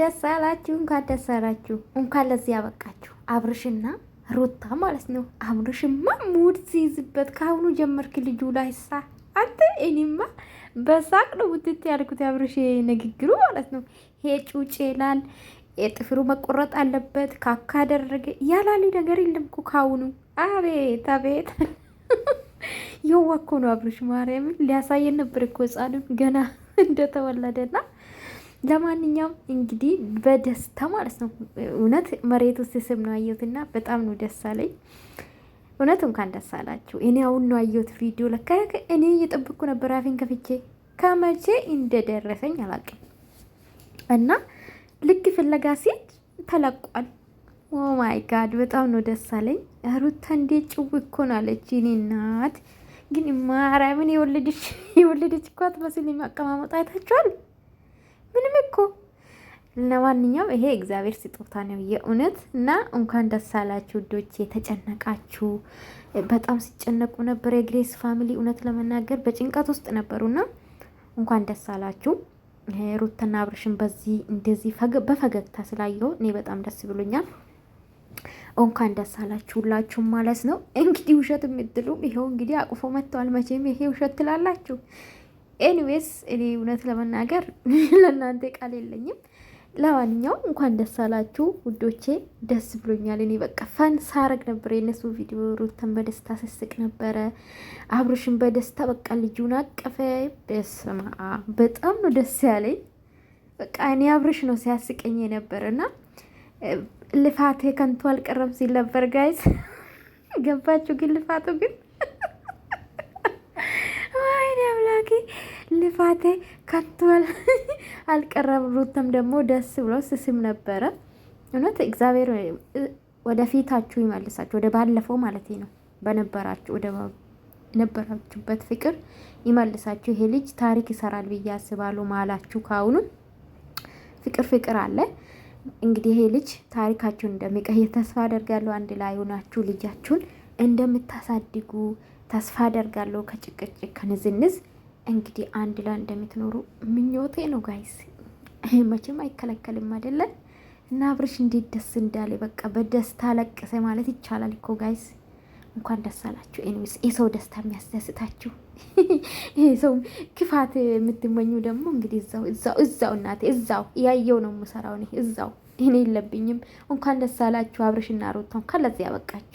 ደስ አላችሁ፣ እንኳን ደስ አላችሁ፣ እንኳን ለዚህ ያበቃችሁ። አብርሽና ሩታ ማለት ነው። አብርሽማ ሙድ ሲይዝበት ከአሁኑ ጀመርክ። ልጁ ላይሳ አንተ እኔማ በሳቅ ነው ውትት ያልኩት አብርሽ ንግግሩ ማለት ነው። ይሄ ጩጭ ይላል፣ የጥፍሩ መቆረጥ አለበት ካካ አደረገ ያላሊ ነገር የለም እኮ ከአሁኑ። አቤት አቤት የዋኮ ነው አብርሽ። ማርያምን ሊያሳየን ነበር እኮ ህፃኑን ገና እንደተወለደና ለማንኛውም እንግዲህ በደስታ ማለት ነው። እውነት መሬት ውስጥ ስም ነው አየሁትና በጣም ነው ደስ አለኝ። እውነት እንኳን ደስ አላችሁ። እኔ አሁን ነው አየሁት ቪዲዮ። ለካ እኔ እየጠብቅኩ ነበር አፌን ከፍቼ ከመቼ እንደደረሰኝ አላውቅም። እና ልክ ፍለጋ ሲል ተለቋል። ኦ ማይ ጋድ በጣም ነው ደስ አለኝ። ሩታ እንዴ ጭው እኮ ናለች። እኔ እናት ግን ማርያምን የወለደች የወለደች እኮ አትመስልም። አቀማመጥ አይታችኋል። ለማንኛውም ይሄ እግዚአብሔር ስጦታ ነው የእውነት እና እንኳን ደስ አላችሁ ውዶች፣ የተጨነቃችሁ በጣም ሲጨነቁ ነበር። የግሬስ ፋሚሊ እውነት ለመናገር በጭንቀት ውስጥ ነበሩና እንኳን ደስ አላችሁ። ሩትና አብርሽን በዚህ እንደዚህ በፈገግታ ስላየሁ እኔ በጣም ደስ ብሎኛል። እንኳን ደስ አላችሁ ሁላችሁም ማለት ነው። እንግዲህ ውሸት የምትሉ ይኸው እንግዲህ አቁፎ መጥተዋል። መቼም ይሄ ውሸት ትላላችሁ። ኤኒዌይስ እኔ እውነት ለመናገር ለእናንተ ቃል የለኝም። ለማንኛውም እንኳን ደስ አላችሁ ውዶቼ፣ ደስ ብሎኛል። እኔ በቃ ፈን ሳረግ ነበር የእነሱ ቪዲዮ። ሩተን በደስታ ስስቅ ነበረ፣ አብሮሽን በደስታ በቃ ልጁን አቀፈ። በስማ በጣም ነው ደስ ያለኝ። በቃ እኔ አብሮሽ ነው ሲያስቀኝ የነበር እና ልፋቴ ከንቱ አልቀረም ሲል ነበር ጋይዝ። ገባችሁ ግን ልፋቱ ግን አምላኬ ልፋቴ ከንቱ አልቀረም። ሩትም ደግሞ ደስ ብሎ ስስም ነበረ። እውነት እግዚአብሔር ወደፊታችሁ ይመልሳችሁ፣ ወደ ባለፈው ማለት ነው በነበራችሁ ወደ ነበራችሁበት ፍቅር ይመልሳችሁ። ይሄ ልጅ ታሪክ ይሰራል ብዬ አስባለሁ። ማላችሁ ከአሁኑ ፍቅር ፍቅር አለ እንግዲህ ይሄ ልጅ ታሪካችሁን እንደሚቀይር ተስፋ አደርጋለሁ። አንድ ላይ ሆናችሁ ልጃችሁን እንደምታሳድጉ ተስፋ አደርጋለሁ። ከጭቅጭቅ ከንዝንዝ እንግዲህ አንድ ላይ እንደምትኖሩ ምኞቴ ነው ጋይስ። መቼም አይከለከልም አይደለን እና አብርሽ እንዴት ደስ እንዳለ በቃ በደስታ ለቀሰ ማለት ይቻላል እኮ ጋይስ። እንኳን ደስ አላችሁ። ኤኒዌይስ የሰው ደስታ የሚያስደስታችሁ ሰው ክፋት የምትመኙ ደግሞ እንግዲህ እዛው እዛው እዛው እናቴ እዛው ያየው ነው የምሰራው እኔ እዛው እኔ የለብኝም። እንኳን ደስ አላችሁ አብርሽና ሩታ፣ እንኳን ለዚህ ያበቃችሁ።